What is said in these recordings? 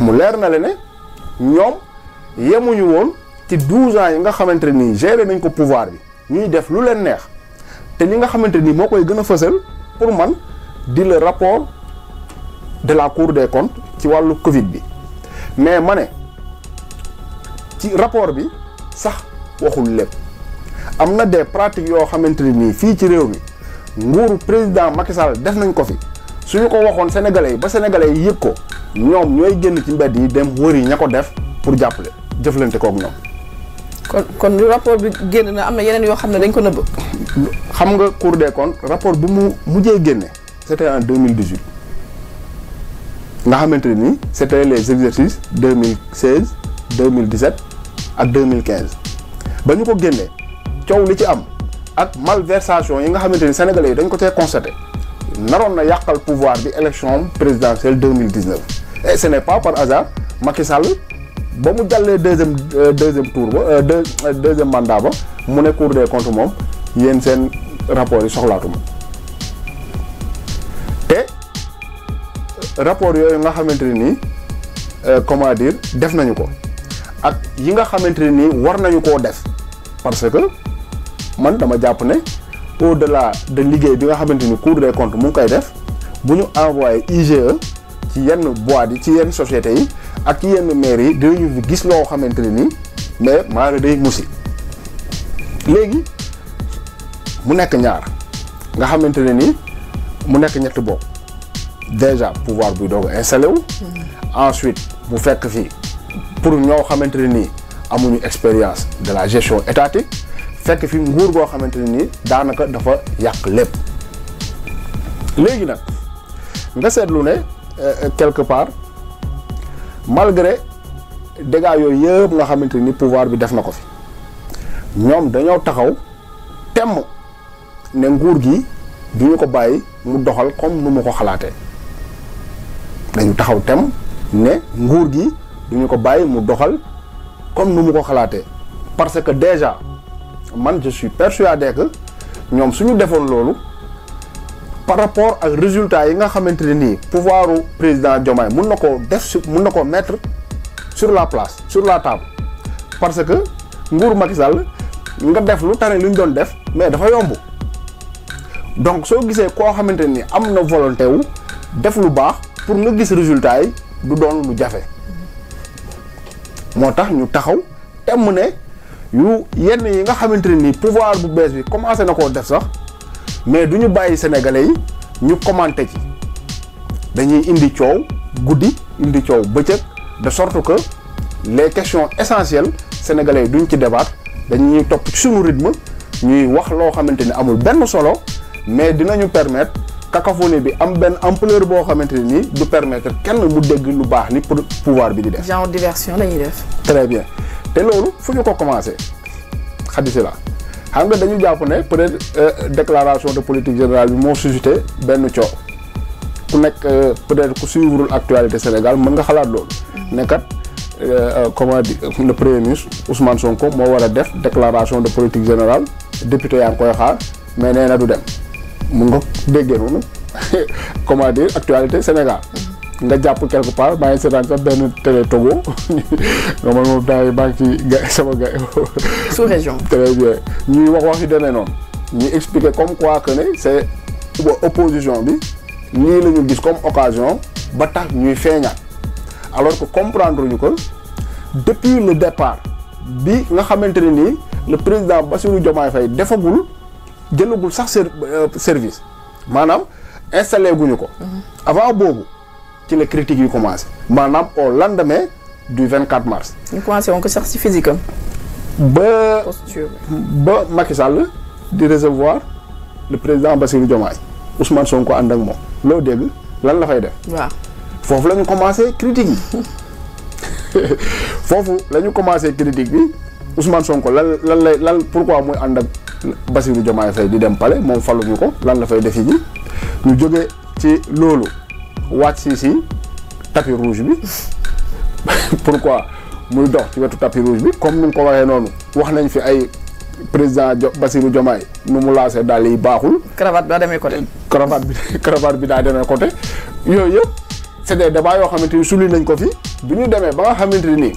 mu leer na le ne ñoom yemuñu woon ci 12 ans yi nga xamante nii géré nañ ko pouvoir bi ñuy def lu leen neex te li nga xamante ni moo koy gën a fësal pour man di la rapport de la cour des comptes ci wàllu Covid bi mais ma ne ci rapport bi sax waxul lépp am na des pratiques yoo xamante ni fii ci réew mi nguuru président Macky def nañ ko fi. su ñu ko waxoon sénégalais yi ba sénégalais yi yëg ko ñoom ñooy génn ci mbedd yi dem wër yi ña ko def pour jàppale jëflante kook ñoom. kon kon rapport bi génn na am na yeneen yoo xam ne dañ ko nëbb. xam nga Cour de comptes rapport bi mu mujjee génne c'était en 2018 nga xamante ni c'était les exercices 2016 2017 mille quinze ba ñu ko génnee cow li ci am ak malversation yi nga xamante ni sénégalais yi dañ ko cee constaté. naroon na yàqal pouvoir bi élection présidentielle 2019 et ce n'est pas par hasard Macky Sall ba mu jàllee deuxième euh, deuxième tour ba euh, deux euh, deuxième mandat ba mu ne Cour des comptes moom yéen seen rapport yi soxlaatuma te rapport yooyu nga xamante ne nii comment dire def nañu ko ak yi nga xamante ne nii war nañu koo def parce que man dama jàpp ne de la de liggéey bi nga xamante ni cour des mu ngi koy def bu ñu envoyé IGE ci yenn boîte yi ci yenn sociétés yi ak ci yenn maires yi dinañu fi gis loo xamante ne nii mais maara day musi léegi mu nekk ñaar nga xamante ne nii mu nekk ñetti boobu déjà pouvoir buy doog a installé wu. Mm-hmm. ensuite mu fekk fi pour ñoo xamante ne nii amuñu expérience de la gestion étatique. fekk fi nguur goo xamante ne nii daanaka dafa yàq lépp léegi nag nga seetlu ne euh, euh, quelque part malgré dégâts yooyu yëpp nga xamante ni pouvoir bi def na ko fi ñoom dañoo taxaw temm ne nguur gi du ko bàyyi mu doxal comme nu ko xalaatee dañu taxaw temm ne nguur gi du ñu ko bàyyi mu doxal comme nu mu ko xalaatee parce que déjà man je suis persuadé que ñoom suñu defoon loolu par rapport ak résultat yi nga xamante ne nii pouvoiru président Diomaye mun na koo def mun na koo mettre sur la place sur la table parce que nguur Macky Sall nga def lu tane lu ñu doon def mais dafa yomb donc soo gisee koo xamante ni am na volonté wu def lu baax pour nga gis résultat yi du doon lu jafe moo tax ñu taxaw temm ne yu yenn yi nga xamante ne nii pouvoir bu bees bi commencé na koo def sax mais du ñu bàyyi sénégalais yi ñu commenté ci dañuy indi coow guddi indi coow bëccëg de sorte que les question essentielles sénégalais yi duñ ci débat dañuy topp ci suñu rythme ñuy wax loo xamante ni amul benn solo mais dinañu permettre cacophonie bi am benn ampleur boo xamante ne nii du permettre kenn mu dégg lu baax ni pour pouvoir bi di def. genre diversion lañuy def. très bien. te loolu fu ñu ko commencé xaddisi la xam nga dañu jàpp ne peut-être euh, déclaration de politique générale bi moo suscité benn coow ku nekk euh, peut-être ku suivrul actualité Sénégal mën nga xalaat loolu ne kat euh, comment dire le premier ministre Ousmane Sonko moo war a def déclaration de politique général député yaa ngi koy xaar mais nee na du dem mun nga déggee noonu comment dire actualité Sénégal. nga jàpp quelque part maa ngi seetaan sax benn télé Togo nga man moom temps yi maa ngi ci ga sama ga sous région très bien ñuy wax wax yu demee noonu ñuy expliquer comme quoi que ne c'est opposition bi nii la gis comme occasion ba tax ñuy feeña alors que comprendre ñu ko depuis le départ bi nga xamante ne nii le président Bassirou Diomaye fay defagul jëlagul sax euh, service maanaam installé guñu ko mm-hmm. avant boobu ci la critique yu commencé maanaam au lendemain du 24 mars. ñu commencé woon ko sax ci physique am. ba ba Macky Sall di recevoir le président Bassirou Diomaye Ousmane Sonko ànd ak moom loo dégg lan la fay def. waaw foofu lañu ñu commencé critique yi foofu la ñu commencé critique bi Ousmane Sonko lan lan lay lan pourquoi muy ànd ak Bassirou Diomaye Faye di dem pale moom faluñu ko lan la fay def yi ñu jóge ci loolu. wàcc si si tapis rouge bi pourquoi muy dox ci wetu tapis rouge bi comme ni nga ko waxee noonu wax nañ fi ay président Bassirou Diomaye nu mu laasee daal yi baaxul. cravate bi daa demee côté. cravate bi cravate bi daa demee côté yooyu yëpp c'est des débats yoo xamante ni suli nañ ko fi bi ñu demee ba nga xamante nii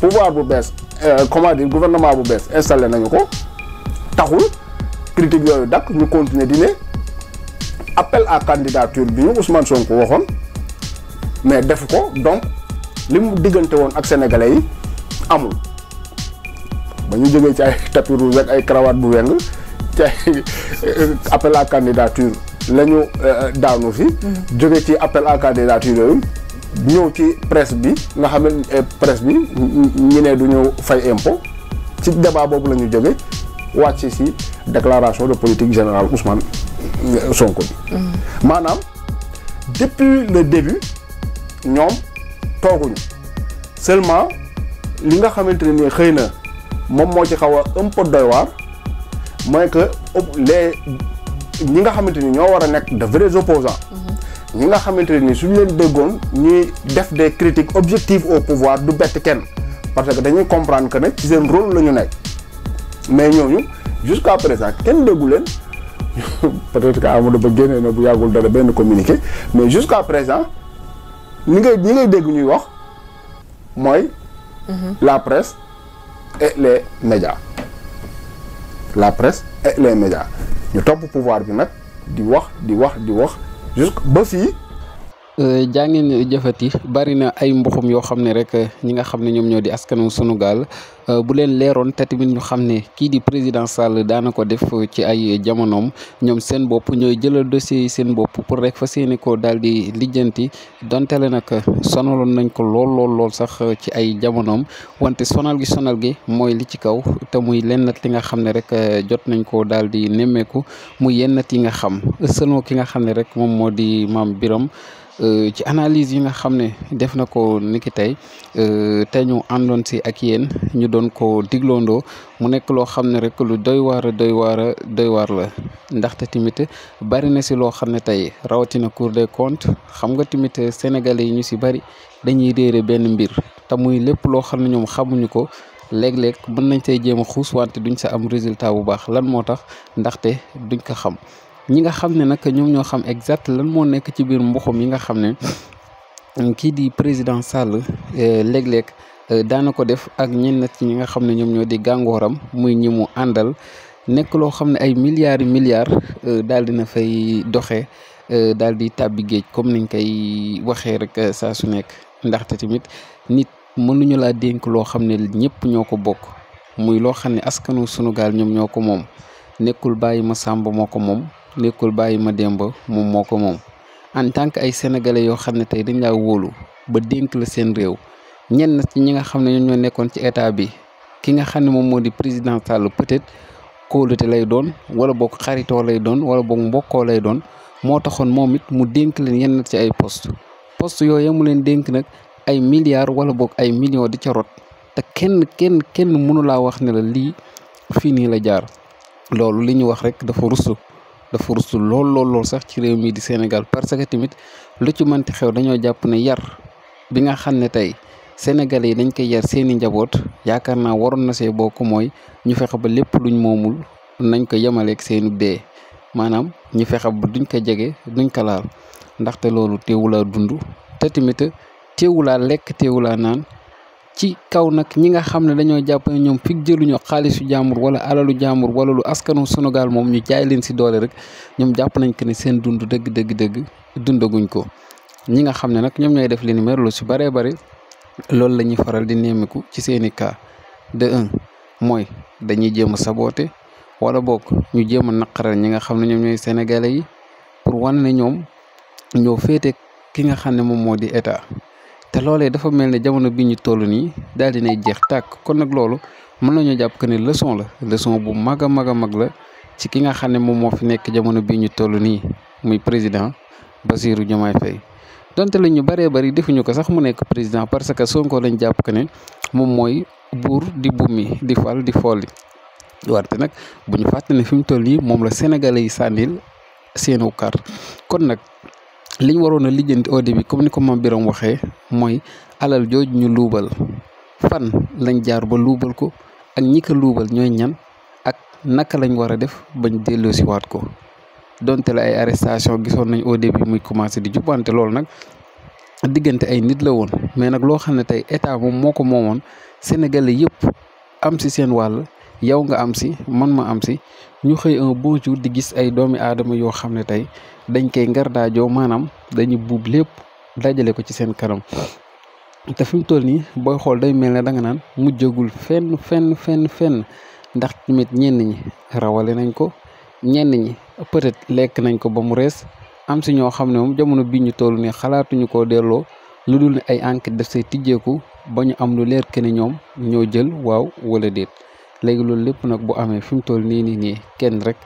pouvoir bu bees euh, comment dire gouvernement bu bees installé nañu ko taxul critique yooyu dakk ñu continuer di appel à candidature bi ñu Ousmane Sonko waxoon mais def ko donc li mu diggante woon ak sénégalais yi amul ba ñu jógee ci ay tapis rouge ay cravate bu weng ci ay euh, appel à candidature la euh, daanu fi. jóge ci appel à candidature yooyu ñëw ci presse bi nga xam ne euh, presse bi ñu ne du ñu fay impo ci débat boobu la ñu jóge wàcc si déclaration de politique générale Ousmane Sonko bi mm. maanaam depuis le début ñoom tooguñu seulement li nga xamante ne nii xëy na moom moo ci xaw a un peu doy waar mooy que les ñi nga xamante ni ñoo war a nekk de vrais opposants mm-hmm. ñi nga xamante ne nii suñu leen déggoon ñuy def des critiques objectives au pouvoir du bett kenn parce que dañuy comprendre que ne ci seen rôle la ñu nekk mais ñooñu jusqu'à présent kenn déggu leen peut-être que Amadou Ba génnee na bu yàggul dara benn communiqué mais jusqu'à présent ñi ngay ñi ngay dégg ñuy wax mooy. Mhm. la presse et média la presse et les médias ñu topp pouvoir bi nag di wax di wax di wax jusque ba fii. Euh, jaa ngeen jëfati bari na ay mbuxum yoo xam ne rek ñi nga xam ne ñoom ñoo di askanu sunu gaal euh, bu leen leeroon te tamit ñu xam ne kii di président Sall daana ko def ci ay jamonoom ñoom seen bopp ñooy jëlal dossier seen bopp pour rek fas yéene daal di lijjanti donte nag sonaloon nañ ko lool sax ci ay jamonoom wante sonal gi sonal gi mooy li ci kaw te muy lennat li nga xam ne rek euh, jot nañ ko daal di nemmeeku mu yennat yi nga xam selon ki nga xam ne rek moom moo di maam Biram Euh, ci analyse yi nga xam ne def na ko niki tey euh, tey ñu àndoon si ak yéen ñu doon ko digloondoo mu nekk loo xam ne rek lu doy waar a doy waar a doy waar la ndaxte tamit bari na si loo xam ne tey rawatina Cour de comptes xam nga tamit sénégalais yi ñu si bari dañuy réere benn mbir te muy lépp loo xam ne ñoom xamuñu ko léeg-léeg mën nañ tey jéem a xuus wante duñ sa am résultat bu baax lan moo tax ndaxte duñ ko xam ñi nga xam ne nag ñoom ñoo xam exact lan moo nekk ci biir mbuxum yi nga xam ne kii di président Sall eh, léeg-léeg eh, daana ko def ak ñenn ci ñi nga xam ne ñoom ñoo di gàngooram muy ñi mu àndal nekk loo xam ne ay milliards milliards eh, daal dina fay doxe daal di tàbbi comme niñ koy waxee rek saa su nekk ndaxte tamit nit mënuñu laa dénk loo xam ne ñëpp ñoo ko bokk muy loo xam ne askanu Sunugaal ñoom ñoo ko moom nekkul bàyyi ma sàmb moo ko moom nekkul bàyyi ma demba moom moo ko moom en tant que ay sénégalais yoo xam ne tey dañ laa wóolu ba dénk la seen réew ñenn ci ñi nga xam ne ñoom ñoo nekkoon ci état bi ki nga xam ne moom moo di président Sall peut-être kóolute lay doon wala boog xaritoo lay doon wala book mbokkoo lay doon moo taxoon moom it mu dénk leen yenn ci ay post post yooyu mu leen dénk nag ay milliards wala book ay millions di ca rot te kenn kenn kenn mënu laa wax ne la lii fii nii la jaar loolu dafa rusu lool lool lool sax ci réew mii di Sénégal parce que tamit lu ci mënti xew dañoo jàpp ne yar bi nga xam ne tey sénégal yi dañ koy yar seeni njaboot yaakaar naa waroon na see bokk mooy ñu fexe ba lépp luñ moomul nañ ko yemaleeg seeni dee maanaam ñu fexe ba duñ ko jege duñ ko laal ndaxte loolu teewulaa dund te tamit teewulaa lekk teewulaa naan. ci kaw nag ñi nga xam ne dañoo jàpp ne ñoom fig jëluñu xaalisu jàmbur wala alalu jàmbur wala lu askanu Sénégal moom ñu jaay leen si doole rek ñoom jàpp nañ que ni seen dund dëgg dëgg dëgg dundaguñ ko ñi nga xam ne nag ñoom ñooy def li ni mel si bëree bëri loolu la faral di néemiku ci seen i cas mooy dañuy jéem a saboote wala boog ñu jéem a naqaral ñi nga xam ne ñoom ñooy yi pour wan ne ñoom ñoo féete ki nga xam ne moom moo di état te loolee dafa mel ne jamono bi ñu toll nii daal dinay jeex tàkk kon nag loolu mën nañoo jàpp que ne leçon la leçon bu mag a mag a mag la ci ki nga xam ne moom moo fi nekk jamono bi ñu toll nii muy président Bassirou Diomaye Faye donte la ñu bëree bëri defuñu ko sax mu nekk président parce que Sonko lañ jàpp que ne moom mooy buur di bumi di fal di folli warte nag bu ñu fàtte ne fi mu toll nii moom la sénégalais yi sànnil seenu kar kon nag liñ waroon a lijjanti au début comme ni ko moom Birame waxee mooy alal jooju ñu luubal fan lañ jaar ba luubal ko ak ñi ko luubal ñooy ñan ak naka lañ war a def bañ waat ko donte la ay arrestation gisoon nañ au début muy commencé di jubante loolu nag diggante ay nit la woon mais nag loo xam ne tey état moom moo ko moomoon sénégalais yëpp am ci seen wàll yow nga am si man ma am si ñu xëy un bon di gis ay doomi aadama yoo xam ne tey dañ koy ngardaajoo maanaam dañu buub lépp dajale ko ci seen kanam te fi mu toll nii booy xool day mel ne danga nga naan mujjagul fenn fenn fenn fenn ndax tamit ñenn ñi rawale nañ ko ñenn ñi peut-être lekk nañ ko ba mu rees am si ñoo xam ne moom jamono bii ñu toll nii xalaatuñu koo delloo lu dul ne ay enquête def say tijjeeku ba ñu am lu leer que ne ñoom ñoo jël waaw wala déet. léegi loolu lépp nag bu amee fi mu toll nii nii nii kenn rek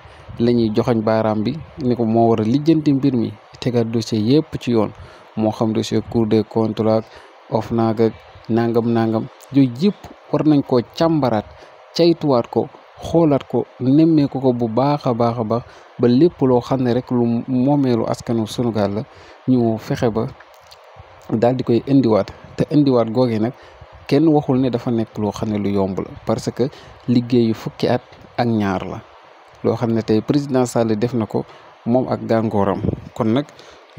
lañuy ñuy joxoñ baaraam bi ni ko moo war lijjanti mbir mi tegaat dossier yëpp ci yoon moo xam dossier cour des comptes ak OFNAC nangam nangam yooyu yëpp war nañ koo càmbaraat caytuwaat ko xoolaat ko nemmeeku ko bu baax a baax a ba lépp loo xam ne rek lu moomeelu askanu Sunugaal la ñu fexe ba dal di koy indiwaat te indiwaat googe nag kenn waxul ne dafa nekk loo xam ne lu yomb la parce que liggéeyu fukki at ak ñaar la loo xam ne tey président Sall def na ko moom ak gàngooram kon nag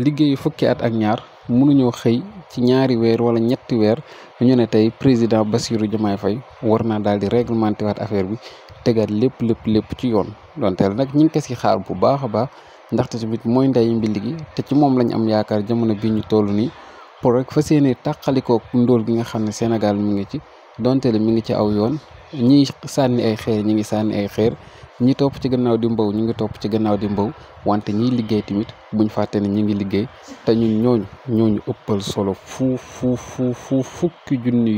liggéeyu fukki at ak ñaar mënuñoo xëy ci ñaari weer wala ñetti weer ñu ne tey président Bassirou Diomaye fay war naa daal di réglementé waat affaire bi tegaat lépp lépp lépp ci yoon donteel nag ñu ngi si xaar bu baax a baax ndaxte tamit mooy ndeyu mbi gi te ci moom lañ am yaakaar jamono bii ñu toll nii. pour rek fas yéene tàqalikook ndóol gi nga xam ne Sénégal mu ngi ci donte le mi ngi ci aw yoon ñi sànni ay xeer ñi ngi sànni ay xeer ñi topp ci gannaaw di mbaw ñi ngi topp ci gannaaw di mbaw wante ñiy liggéey tamit buñ fàtte ne ñi ngi liggéey te ñun ñooñu ñooñu ëppal solo fu fu fu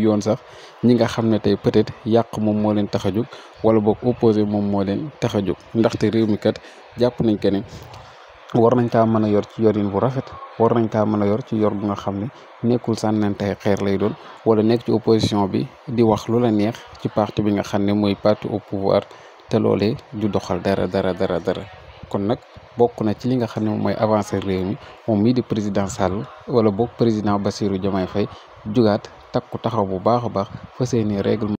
yoon sax ñi nga xam ne tey peut-être yàq moom moo leen tax a jóg wala boog opposé moom moo leen tax a jóg ndaxte réew mi kat jàpp nañ keneen war nañ kaa mën a yor ci yorin bu rafet war nañ kaa mën a yor ci yor bu nga xam ne nekkul sànnante xeer lay doon wala nekk ci opposition bi di wax lu la neex ci parti bi nga xam ne mooy parti au pouvoir te loolee du doxal dara dara dara dara kon nag bokk na ci li nga xam ne moom mooy avancer réew mi moom mii di président Sall wala boog président Bassirou Diomaye Faye jugaat takku taxaw bu baax a baax fa seeni règlement